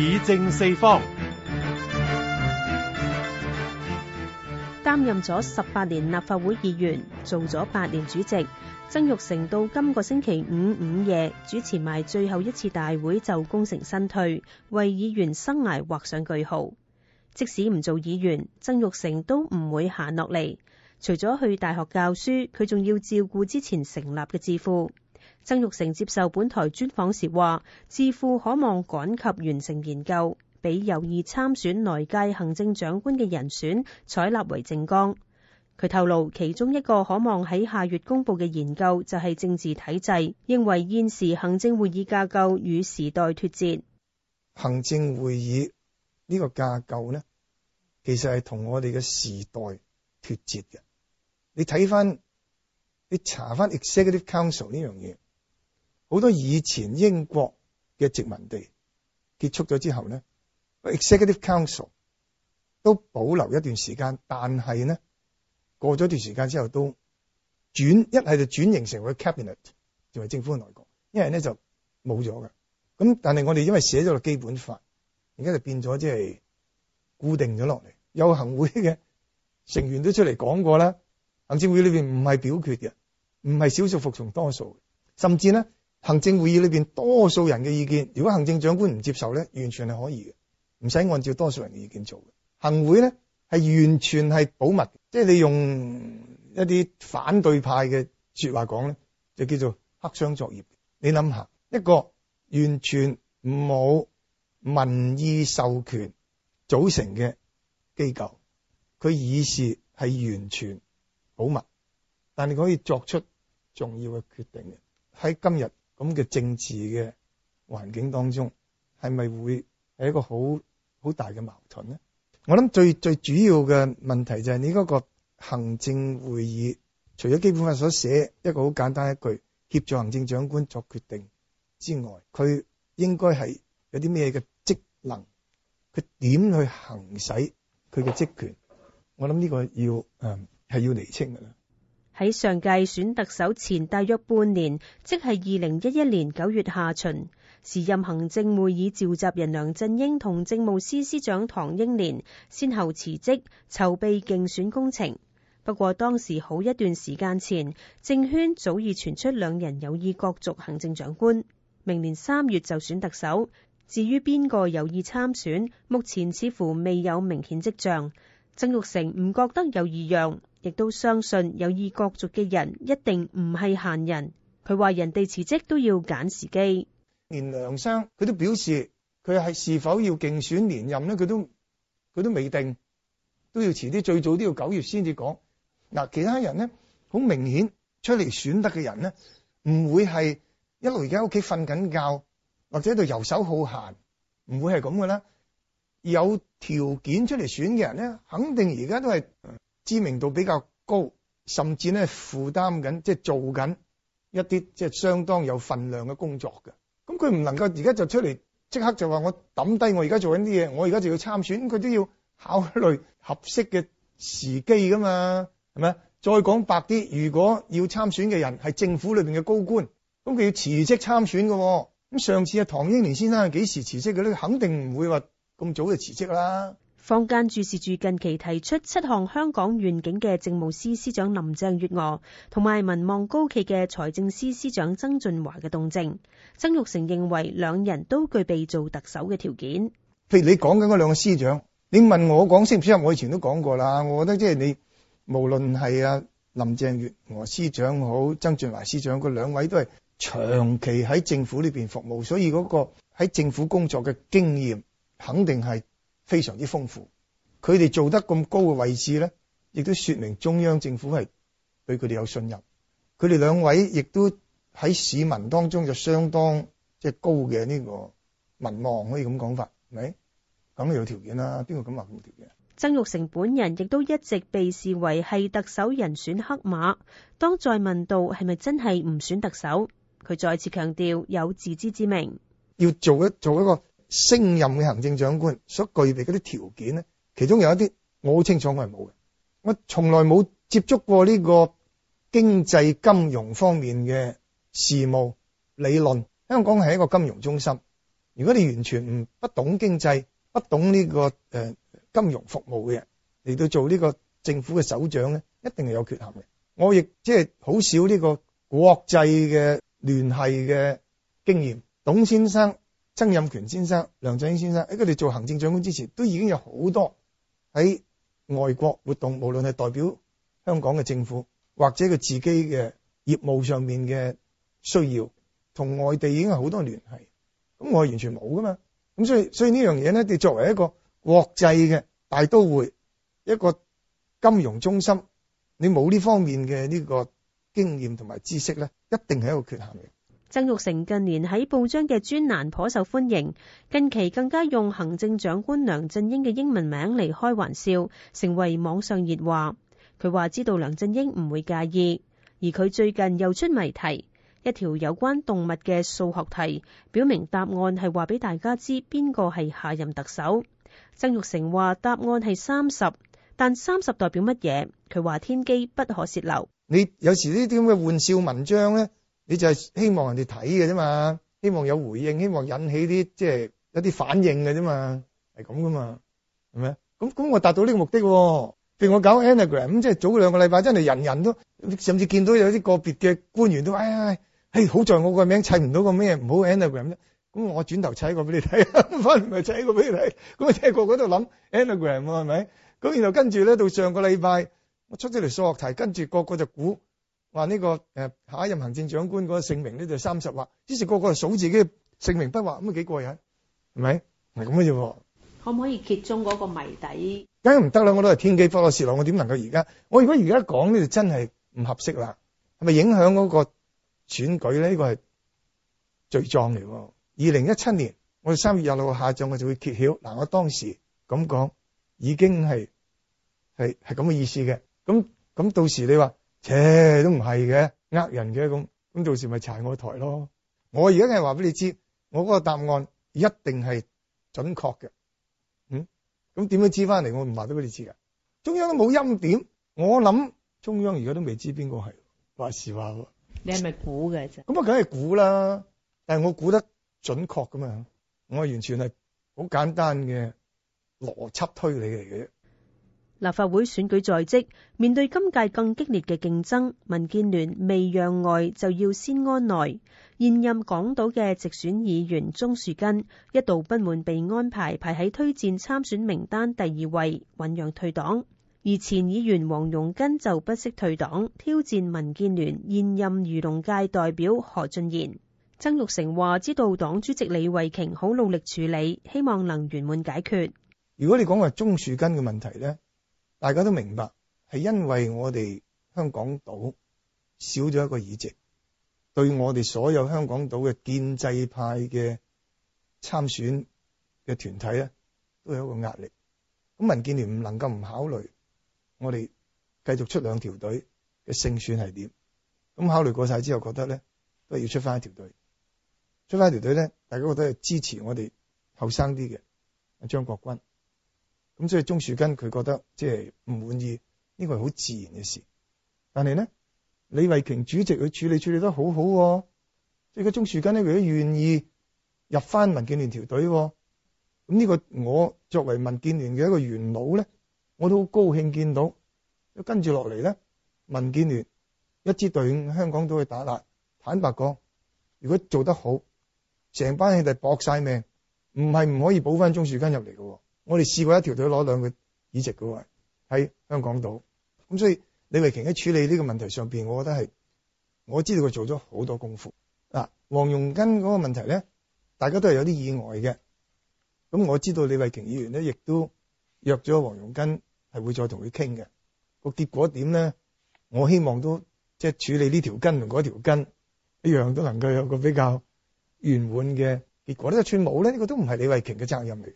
議政四方。擔任咗十八年立法會議員，做咗八年主席，曾鈺成到今個星期五午夜主持埋最後一次大會，就功成身退，為議員生涯畫上句號。即使唔做議員，曾鈺成都唔會閒落嚟。除咗去大學教書，佢仲要照顧之前成立嘅智庫。曾鈺成接受本台專訪時話，智庫可望趕及完成研究，俾有意參選內屆行政長官嘅人選採納為政綱。佢透露，其中一個可望喺下月公布嘅研究就係政治體制，認為現時行政會議架構與時代脫節。行政會議呢個架構呢，其實係同我哋嘅時代脫節嘅。你睇翻。你查翻 Executive Council 呢樣嘢，好多以前英國嘅殖民地結束咗之後咧，Executive Council 都保留一段時間，但係咧過咗段時間之後都轉一係就轉型成為 Cabinet，作為政府嘅內閣，一係咧就冇咗嘅。咁但係我哋因為寫咗個基本法，而家就變咗即係固定咗落嚟。有行會嘅成員都出嚟講過啦，行政會裏邊唔係表決嘅。唔係少數服從多數，甚至咧行政會議裏邊多數人嘅意見，如果行政長官唔接受咧，完全係可以嘅，唔使按照多數人嘅意見做嘅。行會咧係完全係保密，即係你用一啲反對派嘅説話講咧，就叫做黑箱作業。你諗下，一個完全冇民意授權組成嘅機構，佢議事係完全保密，但係可以作出重要嘅決定嘅，喺今日咁嘅政治嘅環境當中，係咪會係一個好好大嘅矛盾咧？我諗最最主要嘅問題就係你嗰個行政會議，除咗基本法所寫一個好簡單一句協助行政長官作決定之外，佢應該係有啲咩嘅職能？佢點去行使佢嘅職權？我諗呢個要誒係、嗯、要釐清噶啦。喺上屆選特首前大約半年，即係二零一一年九月下旬，時任行政會議召集人梁振英同政務司司長唐英年先後辭職，籌備競選工程。不過當時好一段時間前，政圈早已傳出兩人有意角逐行政長官，明年三月就選特首。至於邊個有意參選，目前似乎未有明顯跡象。曾鈺成唔覺得有異樣，亦都相信有意角逐嘅人一定唔係閒人。佢話人哋辭職都要揀時機，連梁生佢都表示佢係是否要競選連任咧，佢都佢都未定，都要遲啲，最早都要九月先至講。嗱，其他人咧，好明顯出嚟選得嘅人咧，唔會係一路而家喺屋企瞓緊覺，或者喺度游手好閒，唔會係咁嘅啦。有條件出嚟選嘅人咧，肯定而家都係知名度比較高，甚至咧負擔緊即係做緊一啲即係相當有份量嘅工作嘅。咁佢唔能夠而家就出嚟即刻就話我抌低我而家做緊啲嘢，我而家就要參選，佢、嗯、都要考慮合適嘅時機噶嘛，係咪？再講白啲，如果要參選嘅人係政府裏邊嘅高官，咁、嗯、佢要辭職參選嘅、哦。咁、嗯、上次阿唐英年先生係幾時辭職嘅咧？肯定唔會話。咁早就辭職啦！坊間注視住近期提出七項香港願景嘅政務司司長林鄭月娥，同埋民望高企嘅財政司司長曾俊華嘅動靜。曾鈺成認為，兩人都具備做特首嘅條件。譬如你講緊嗰兩個司長，你問我講適唔適合？我以前都講過啦，我覺得即係你無論係阿林鄭月娥司長好，曾俊華司長，嗰兩位都係長期喺政府呢邊服務，所以嗰個喺政府工作嘅經驗。肯定係非常之豐富，佢哋做得咁高嘅位置咧，亦都說明中央政府係對佢哋有信任。佢哋兩位亦都喺市民當中就相當即係高嘅呢個民望，可以咁講法，係咪？咁有條件啦，邊個敢話冇條件？曾鈺成本人亦都一直被視為係特首人選黑馬。當再問到係咪真係唔選特首，佢再次強調有自知之明，要做一做一個。升任嘅行政長官所具備嗰啲條件咧，其中有一啲我好清楚我係冇嘅，我從來冇接觸過呢個經濟金融方面嘅事務理論。香港係一個金融中心，如果你完全唔不懂經濟、不懂呢個誒金融服務嘅人嚟到做呢個政府嘅首長咧，一定係有缺陷嘅。我亦即係好少呢個國際嘅聯繫嘅經驗，董先生、曾蔭權先生、梁振英先生喺佢哋做行政長官之前，都已經有好多喺外國活動，無論係代表香港嘅政府或者佢自己嘅業務上面嘅需要，同外地已經有好多聯繫。咁我完全冇㗎嘛。咁所以所以呢樣嘢咧，你作為一個國際嘅大都會，一個金融中心，你冇呢方面嘅呢個經驗同埋知識咧，一定係一個缺陷嘅。曾鈺成近年喺報章嘅專欄頗受歡迎，近期更加用行政長官梁振英嘅英文名嚟開玩笑，成為網上熱話。佢話知道梁振英唔會介意，而佢最近又出謎題，一條有關動物嘅數學題，表明答案係話俾大家知邊個係下任特首。曾鈺成話答案係三十，但三十代表乜嘢？佢話天機不可洩漏。你有時呢啲咁嘅玩笑文章呢？你就係希望人哋睇嘅啫嘛，希望有回應，希望引起啲即係一啲反應嘅啫嘛，係咁噶嘛，係咪？咁咁我達到呢個目的、哦，譬如我搞 Anagram 咁，即係早兩個禮拜真係人人都甚至見到有啲個別嘅官員都哎哎，嘿、哎、好在我名個名砌唔到個咩，唔好 Anagram 啫，咁我轉頭砌一個俾你睇，翻嚟咪砌一個俾你，咁啊即係個個都諗 Anagram 係咪？咁然後跟住咧到上個禮拜，我出咗條數學題，跟住個個就估。話呢、這個誒，下、啊、一任行政長官嗰個姓名咧就三十畫，於是個個數自己嘅姓名筆畫，咁啊幾過癮，係咪？係咁嘅啫。可唔可以揭中嗰個謎底？梗唔得啦！我都係天機不可泄露，我點能夠而家？我如果而家講呢，就真係唔合適啦。係咪影響嗰個選舉咧？呢、這個係罪狀嚟。二零一七年我哋三月廿六號下晝，我就會揭曉。嗱、啊，我當時咁講已經係係係咁嘅意思嘅。咁咁到時你話。嘢都唔係嘅，呃，人嘅，咁，咁到時咪踩我台咯。我而家梗係話俾你知，我嗰個答案一定係準確嘅。嗯，咁點樣知翻嚟？我唔話俾你知嘅。中央都冇陰點，我諗中央而家都未知邊個係話時話喎。你係咪估嘅啫？咁啊，我梗係估啦，但係我估得準確噶嘛。我完全係好簡單嘅邏輯推理嚟嘅。立法會選舉在即，面對今屆更激烈嘅競爭，民建聯未讓外就要先安內。現任港島嘅直選議員鍾樹根一度不滿被安排排喺推薦參選名單第二位，醞釀退黨；而前議員黃容根就不惜退黨，挑戰民建聯現任漁農界代表何俊賢。曾鈺成話：知道黨主席李慧瓊好努力處理，希望能圓滿解決。如果你講話鍾樹根嘅問題呢？大家都明白，係因為我哋香港島少咗一個議席，對我哋所有香港島嘅建制派嘅參選嘅團體咧，都有一個壓力。咁民建聯唔能夠唔考慮我哋繼續出兩條隊嘅勝算係點，咁考慮過晒之後覺得咧都係要出翻一條隊，出翻一條隊咧，大家覺得係支持我哋後生啲嘅張國鈞。咁所以鍾樹根佢覺得即係唔滿意，呢、這個係好自然嘅事。但係咧，李慧瓊主席佢處理處理得好好、哦，即係鍾樹根咧，佢都願意入翻民建聯條隊、哦。咁呢個我作為民建聯嘅一個元老咧，我都好高興見到。跟住落嚟咧，民建聯一支隊伍香港都可以打啦，坦白講，如果做得好，成班兄弟搏晒命，唔係唔可以補翻鍾樹根入嚟嘅。我哋試過一條隊攞兩個議席嘅喎，喺香港島咁，所以李慧瓊喺處理呢個問題上邊，我覺得係，我知道佢做咗好多功夫嗱，黃、啊、容根嗰個問題咧，大家都係有啲意外嘅。咁我知道李慧瓊議員咧，亦都約咗黃容根係會再同佢傾嘅。個結果點咧？我希望都即係處理呢條根同嗰條根一樣，都能夠有個比較圓滿嘅結果。那個、呢就串冇咧，呢、這個都唔係李慧瓊嘅責任嚟。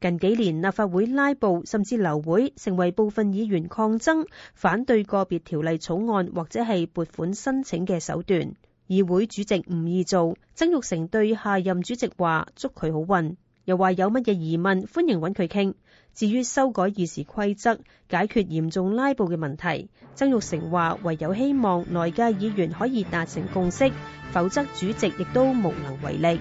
近幾年，立法會拉布甚至流會，成為部分議員抗爭、反對個別條例草案或者係撥款申請嘅手段。議會主席唔易做，曾鈺成對下任主席話：祝佢好運，又話有乜嘢疑問歡迎揾佢傾。至於修改議事規則，解決嚴重拉布嘅問題，曾鈺成話：唯有希望內界議員可以達成共識，否則主席亦都無能為力。